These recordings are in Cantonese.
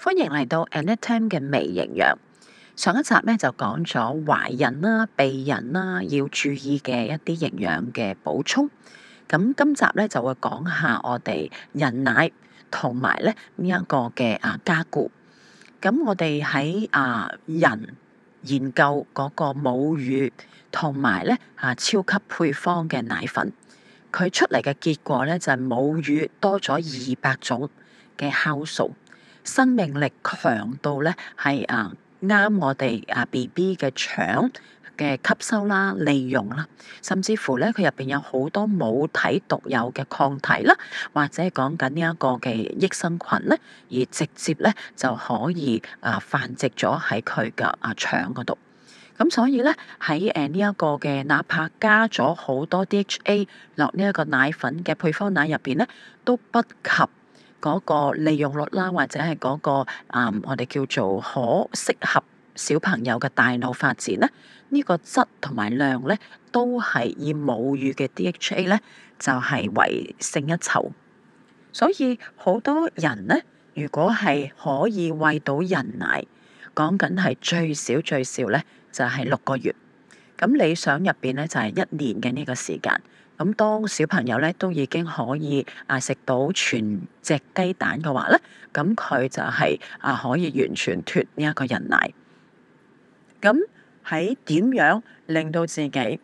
歡迎嚟到 Annette 嘅微營養。上一集咧就講咗懷孕啦、啊、備孕啦要注意嘅一啲營養嘅補充。咁今集咧就會講下我哋人奶同埋咧呢一、這個嘅啊加固。咁我哋喺啊人研究嗰個母乳同埋咧啊超級配方嘅奶粉，佢出嚟嘅結果咧就係、是、母乳多咗二百種嘅酵素。生命力強度咧係啊啱我哋啊 B B 嘅腸嘅吸收啦、利用啦，甚至乎咧佢入邊有好多母體獨有嘅抗體啦，或者係講緊呢一個嘅益生菌咧，而直接咧就可以啊繁殖咗喺佢嘅啊腸嗰度。咁所以咧喺誒呢一個嘅，哪怕加咗好多 D H A 落呢一個奶粉嘅配方奶入邊咧，都不及。嗰個利用率啦，或者係嗰個啊、嗯，我哋叫做可適合小朋友嘅大腦發展咧，呢個質同埋量咧，都係以母乳嘅 DHA 咧，就係為勝一籌。所以好多人咧，如果係可以餵到人奶，講緊係最少最少咧，就係六個月。咁理想入邊咧，就係一年嘅呢個時間。咁當小朋友咧都已經可以啊食到全隻雞蛋嘅話咧，咁佢就係啊可以完全脫呢一個人奶。咁喺點樣令到自己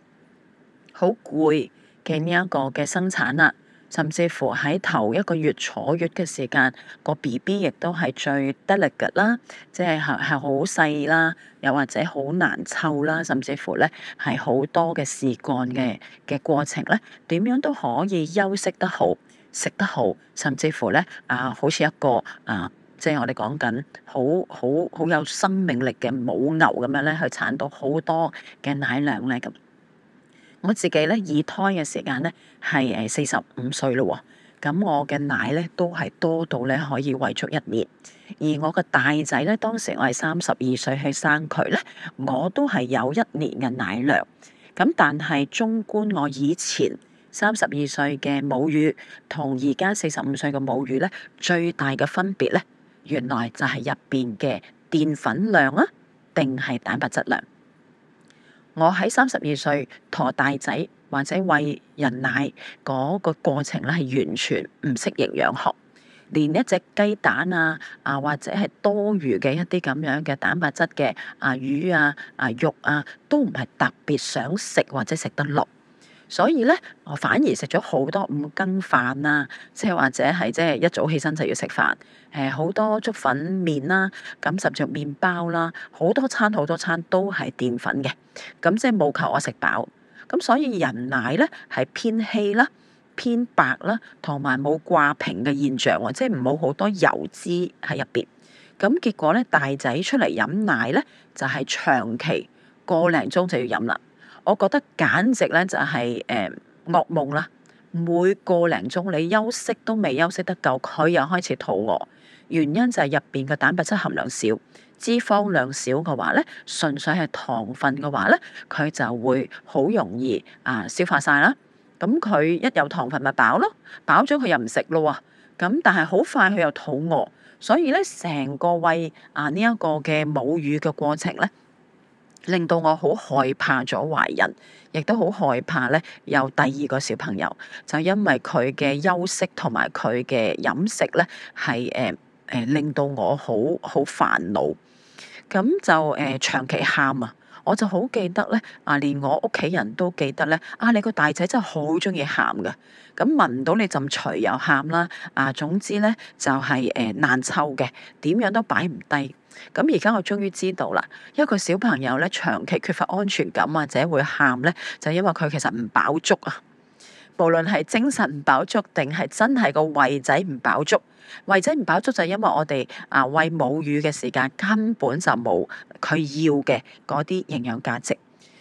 好攰嘅呢一個嘅生產啦？甚至乎喺頭一個月坐月嘅時間，個 B B 亦都係最得力㗎啦，即係係係好細啦，又或者好難湊啦，甚至乎咧係好多嘅事幹嘅嘅過程咧，點樣都可以休息得好、食得好，甚至乎咧啊，好似一個啊，即係我哋講緊好好好有生命力嘅母牛咁樣咧，去產到好多嘅奶量嚟嘅。我自己咧，二胎嘅時間咧係誒四十五歲咯，咁、哦、我嘅奶咧都係多到咧可以餵足一年。而我嘅大仔咧，當時我係三十二歲去生佢咧，我都係有一年嘅奶量。咁但係，縱觀我以前三十二歲嘅母乳同而家四十五歲嘅母乳咧，最大嘅分別咧，原來就係入邊嘅澱粉量啊，定係蛋白質量。我喺三十二歲陀大仔或者喂人奶嗰、那個過程咧，係完全唔識營養學，連一隻雞蛋啊啊，或者係多餘嘅一啲咁樣嘅蛋白質嘅啊魚啊啊肉啊，都唔係特別想食或者食得落。所以咧，我反而食咗好多五羹飯啦，即係或者係即係一早起身就要食飯，誒好多粥粉麵啦，咁甚至乎麵包啦，好多餐好多餐都係澱粉嘅，咁即係冇求我食飽，咁所以人奶咧係偏稀啦、偏白啦，同埋冇掛瓶嘅現象，即係冇好多油脂喺入邊，咁結果咧大仔出嚟飲奶咧就係、是、長期個零鐘就要飲啦。我覺得簡直咧就係、是、誒、呃、噩夢啦！每個零鐘你休息都未休息得夠，佢又開始肚餓。原因就係入邊嘅蛋白質含量少，脂肪量少嘅話咧，純粹係糖分嘅話咧，佢就會好容易啊消化晒啦。咁佢一有糖分咪飽咯，飽咗佢又唔食咯喎。咁但係好快佢又肚餓，所以咧成個胃啊呢一、這個嘅母乳嘅過程咧。令到我好害怕咗懷孕，亦都好害怕咧有第二個小朋友，就因為佢嘅休息同埋佢嘅飲食咧，係誒誒令到我好好煩惱。咁就誒、呃、長期喊啊，我就好記得咧啊，連我屋企人都記得咧啊，你個大仔真係好中意喊㗎。咁聞到你浸除又喊啦啊，總之咧就係、是、誒、呃、難湊嘅，點樣都擺唔低。咁而家我終於知道啦，一個小朋友咧長期缺乏安全感或者會喊咧，就因為佢其實唔飽足啊。無論係精神唔飽足，定係真係個胃仔唔飽足，胃仔唔飽足就係因為我哋啊餵母乳嘅時間根本就冇佢要嘅嗰啲營養價值，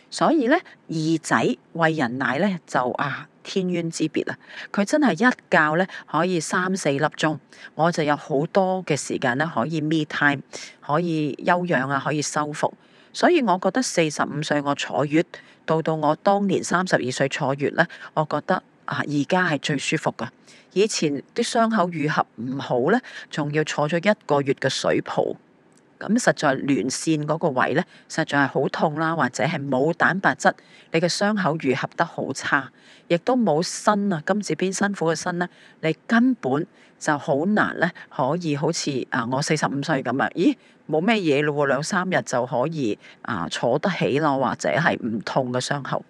所以咧二仔餵人奶咧就啊。天淵之別啊！佢真係一覺咧，可以三四粒鐘，我就有好多嘅時間咧，可以 me time，可以休養啊，可以修復。所以我覺得四十五歲我坐月，到到我當年三十二歲坐月咧，我覺得啊，而家係最舒服㗎。以前啲傷口愈合唔好咧，仲要坐咗一個月嘅水泡。咁實在連線嗰個位咧，實在係好痛啦，或者係冇蛋白質，你嘅傷口愈合得好差，亦都冇身啊。今次邊辛苦嘅身咧，你根本就好難咧，可以好似啊，我四十五歲咁啊，咦，冇咩嘢嘞喎，兩三日就可以啊坐得起咯，或者係唔痛嘅傷口。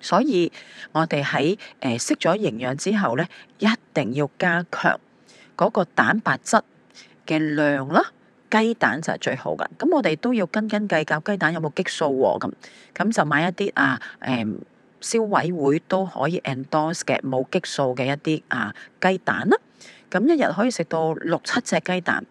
所以我哋喺誒識咗營養之後咧，一定要加強嗰個蛋白質嘅量啦。雞蛋就係最好嘅，咁我哋都要斤斤計較雞蛋有冇激素喎、啊，咁咁就買一啲啊，誒、嗯、消委會都可以 endorse 嘅冇激素嘅一啲啊雞蛋啦、啊，咁一日可以食到六七隻雞蛋，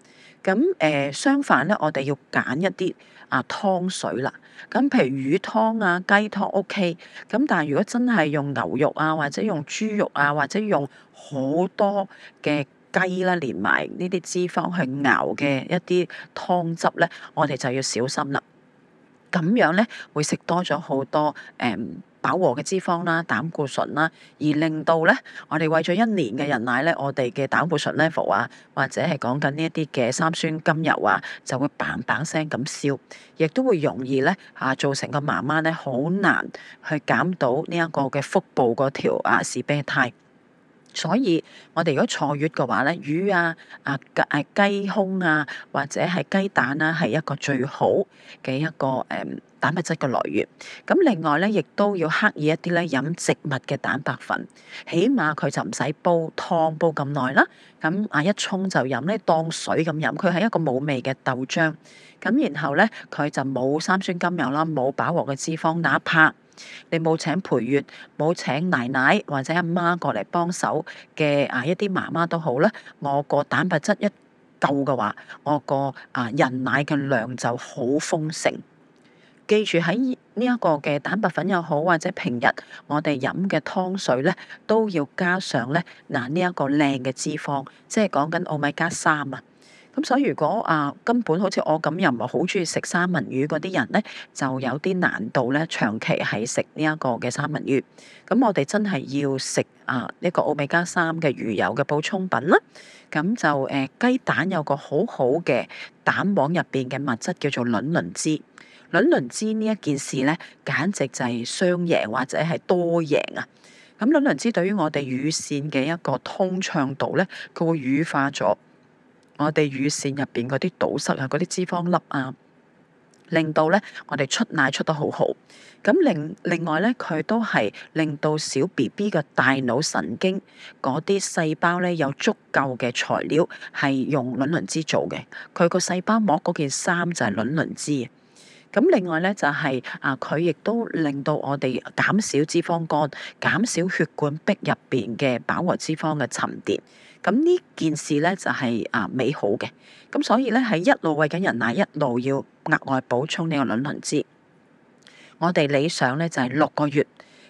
咁誒、呃、相反咧，我哋要揀一啲啊湯水啦，咁譬如魚湯啊、雞湯 OK，咁但係如果真係用牛肉啊，或者用豬肉啊，或者用好多嘅。雞啦，連埋呢啲脂肪去熬嘅一啲湯汁呢，我哋就要小心啦。咁樣呢，會食多咗好多誒、嗯、飽和嘅脂肪啦、膽固醇啦，而令到呢，我哋餵咗一年嘅人奶呢，我哋嘅膽固醇 level 啊，或者係講緊呢一啲嘅三酸甘油啊，就會 bang bang 聲咁燒，亦都會容易呢，嚇、啊、造成個媽媽呢，好難去減到呢一個嘅腹部嗰條啊士啤呔。啊。所以我哋如果坐月嘅話咧，魚啊、啊、雞、啊、雞胸啊，或者係雞蛋啊，係一個最好嘅一個誒、嗯、蛋白質嘅來源。咁另外咧，亦都要刻意一啲咧飲植物嘅蛋白粉，起碼佢就唔使煲湯煲咁耐啦。咁啊，一沖就飲咧，當水咁飲。佢係一個冇味嘅豆漿。咁然後咧，佢就冇三酸甘油啦，冇飽和嘅脂肪，哪怕。你冇請陪月，冇請奶奶或者阿媽，媽過嚟幫手嘅啊，一啲媽媽都好啦。我個蛋白質一夠嘅話，我個啊人奶嘅量就好豐盛。記住喺呢一個嘅蛋白粉又好，或者平日我哋飲嘅湯水咧，都要加上咧嗱呢一、啊這個靚嘅脂肪，即係講緊奧米加三啊。咁所以如果啊根本好似我咁又唔係好中意食三文魚嗰啲人呢，就有啲難度咧，長期係食呢一個嘅三文魚。咁我哋真係要食啊一、這個奧美加三嘅魚油嘅補充品啦。咁就誒、啊、雞蛋有個好好嘅蛋黃入邊嘅物質叫做卵磷脂。卵磷脂呢一件事呢，簡直就係雙贏或者係多贏啊！咁卵磷脂對於我哋乳腺嘅一個通暢度呢，佢會乳化咗。我哋乳腺入邊嗰啲堵塞啊，嗰啲脂肪粒啊，令到咧我哋出奶出得好好。咁另另外咧，佢都係令到小 B B 嘅大腦神經嗰啲細胞咧有足夠嘅材料，係用卵磷脂做嘅。佢個細胞膜嗰件衫就係卵磷脂。咁另外咧就係、是、啊，佢亦都令到我哋減少脂肪肝，減少血管壁入邊嘅飽和脂肪嘅沉澱。咁呢件事呢，就係啊美好嘅，咁所以呢，係一路餵緊人奶，一路要額外補充呢個卵磷脂。我哋理想呢，就係六個月，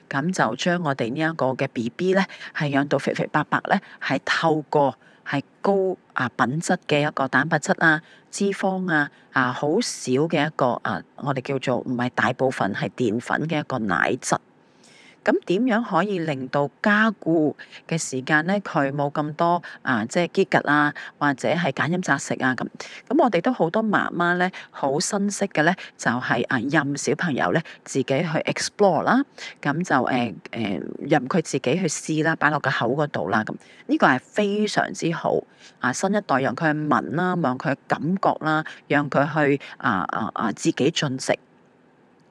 咁就將我哋呢一個嘅 B B 呢，係養到肥肥白白呢，係透過係高啊品質嘅一個蛋白質啊、脂肪啊，啊好少嘅一個啊，我哋叫做唔係大部分係澱粉嘅一個奶質。咁點樣可以令到加固嘅時間咧？佢冇咁多啊，即係結結啦，或者係揀飲擇食啊咁。咁我哋都好多媽媽咧，好新式嘅咧，就係、是、啊，任小朋友咧自己去 explore 啦。咁就誒、啊、誒、嗯，任佢自己去試啦，擺落個口嗰度啦。咁呢個係非常之好啊。新一代讓佢去聞啦，望佢感覺啦，讓佢去啊啊啊自己進食。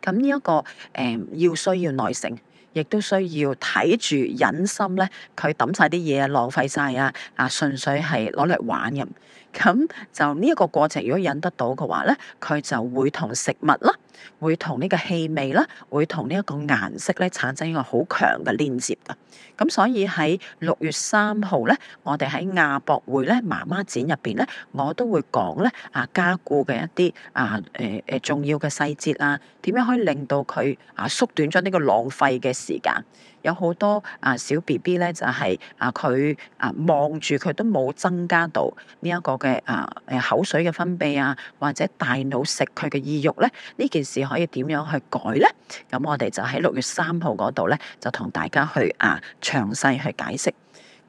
咁呢一個誒、嗯、要需要耐性。亦都需要睇住忍心咧，佢抌晒啲嘢，啊浪費晒啊！啊，純粹係攞嚟玩咁，咁就呢一個過程，如果忍得到嘅話咧，佢就會同食物啦。會同呢個氣味啦，會同呢一個顏色咧產生一個好強嘅連接嘅，咁所以喺六月三號咧，我哋喺亞博會咧媽媽展入邊咧，我都會講咧啊加固嘅一啲啊誒誒、呃、重要嘅細節啊，點樣可以令到佢啊縮短咗呢個浪費嘅時間。有好多啊小 B B 咧，就係啊佢啊望住佢都冇增加到呢一個嘅啊誒口水嘅分泌啊，或者大腦食佢嘅意欲咧，呢件事可以點樣去改咧？咁我哋就喺六月三號嗰度咧，就同大家去啊詳細去解釋。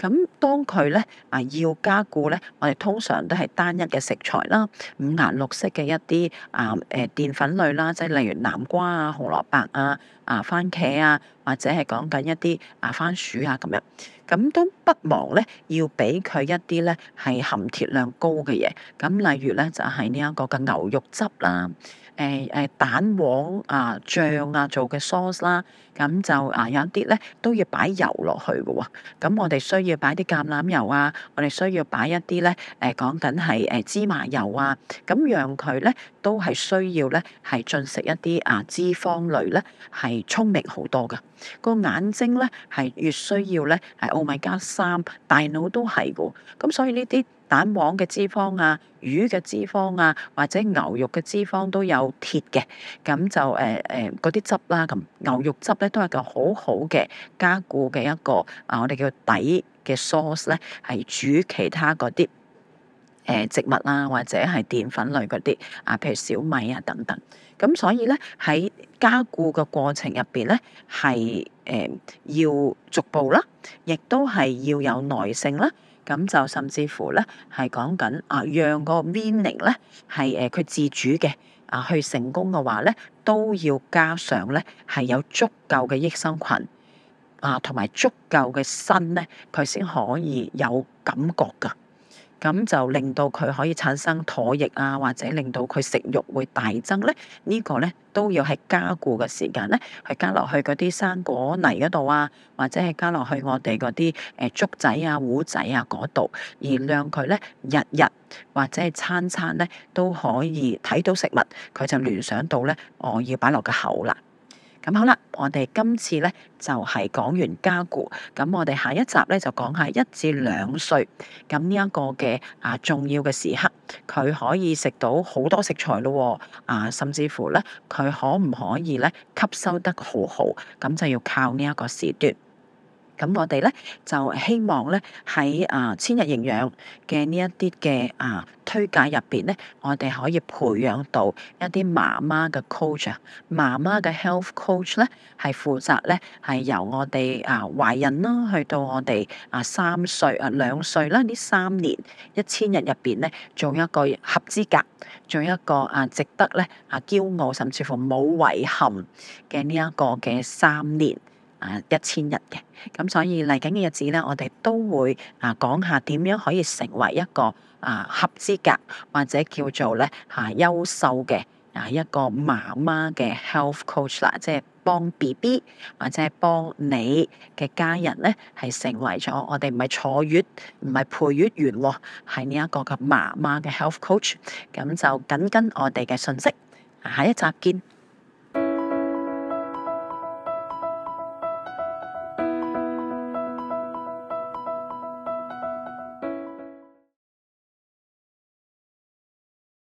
咁當佢咧啊要加固咧，我哋通常都係單一嘅食材啦，五顏六色嘅一啲啊誒澱粉類啦，即係例如南瓜啊、紅蘿蔔啊、啊番茄啊，或者係講緊一啲啊番薯啊咁樣，咁都不忘咧要俾佢一啲咧係含鐵量高嘅嘢，咁例如咧就係呢一個嘅牛肉汁啦、啊。誒誒蛋黃啊醬啊做嘅 sauce 啦、啊，咁就啊有一啲咧都要擺油落去嘅喎。咁、啊、我哋需要擺啲橄欖油啊，我哋需要擺一啲咧誒講緊係誒芝麻油啊。咁讓佢咧都係需要咧係進食一啲啊脂肪類咧係聰明好多嘅個、啊、眼睛咧係越需要咧係奧米加三，啊 oh、God, Sam，大腦都係嘅。咁、啊、所以呢啲。蛋黃嘅脂肪啊，魚嘅脂肪啊，或者牛肉嘅脂肪都有鐵嘅，咁就誒誒嗰啲汁啦，咁牛肉汁咧都係個好好嘅加固嘅一個啊，我哋叫底嘅 sauce 咧，係煮其他嗰啲誒植物啦、啊，或者係澱粉類嗰啲啊，譬如小米啊等等。咁所以咧喺加固嘅過程入邊咧，係誒、呃、要逐步啦，亦都係要有耐性啦。咁就甚至乎咧，係講緊啊，讓個免疫力咧係誒，佢自主嘅啊，去成功嘅話咧，都要加上咧係有足夠嘅益生菌啊，同埋足夠嘅鋅咧，佢先可以有感覺噶。咁就令到佢可以產生唾液啊，或者令到佢食慾會大增咧。這個、呢個咧都要係加固嘅時間咧，係加落去嗰啲生果泥嗰度啊，或者係加落去我哋嗰啲誒粥仔啊、糊仔啊嗰度，而讓佢咧日日或者係餐餐咧都可以睇到食物，佢就聯想到咧，我要擺落個口啦。咁好啦，我哋今次咧就係、是、講完加固，咁我哋下一集咧就講一下一至兩歲，咁呢一個嘅啊重要嘅時刻，佢可以食到好多食材咯、哦，啊，甚至乎咧佢可唔可以咧吸收得好好，咁就要靠呢一個時段。咁我哋咧就希望咧喺啊千日營養嘅呢一啲嘅啊推介入邊咧，我哋可以培養到一啲媽媽嘅 coach，媽媽嘅 health coach 咧係負責咧係由我哋啊懷孕啦，去到我哋啊三歲啊兩歲啦呢三年一千日入邊咧，做一個合資格，做一個啊值得咧啊驕傲，甚至乎冇遺憾嘅呢一個嘅三年。啊一千日嘅，咁、啊、所以嚟緊嘅日子咧，我哋都會啊講下點樣可以成為一個啊合資格或者叫做咧吓、啊、優秀嘅啊一個媽媽嘅 health coach 啦、啊，即係幫 B B 或者係幫你嘅家人咧係成為咗我哋唔係坐月唔係陪月員喎，係呢一個嘅媽媽嘅 health coach、啊。咁就緊跟我哋嘅信息、啊，下一集見。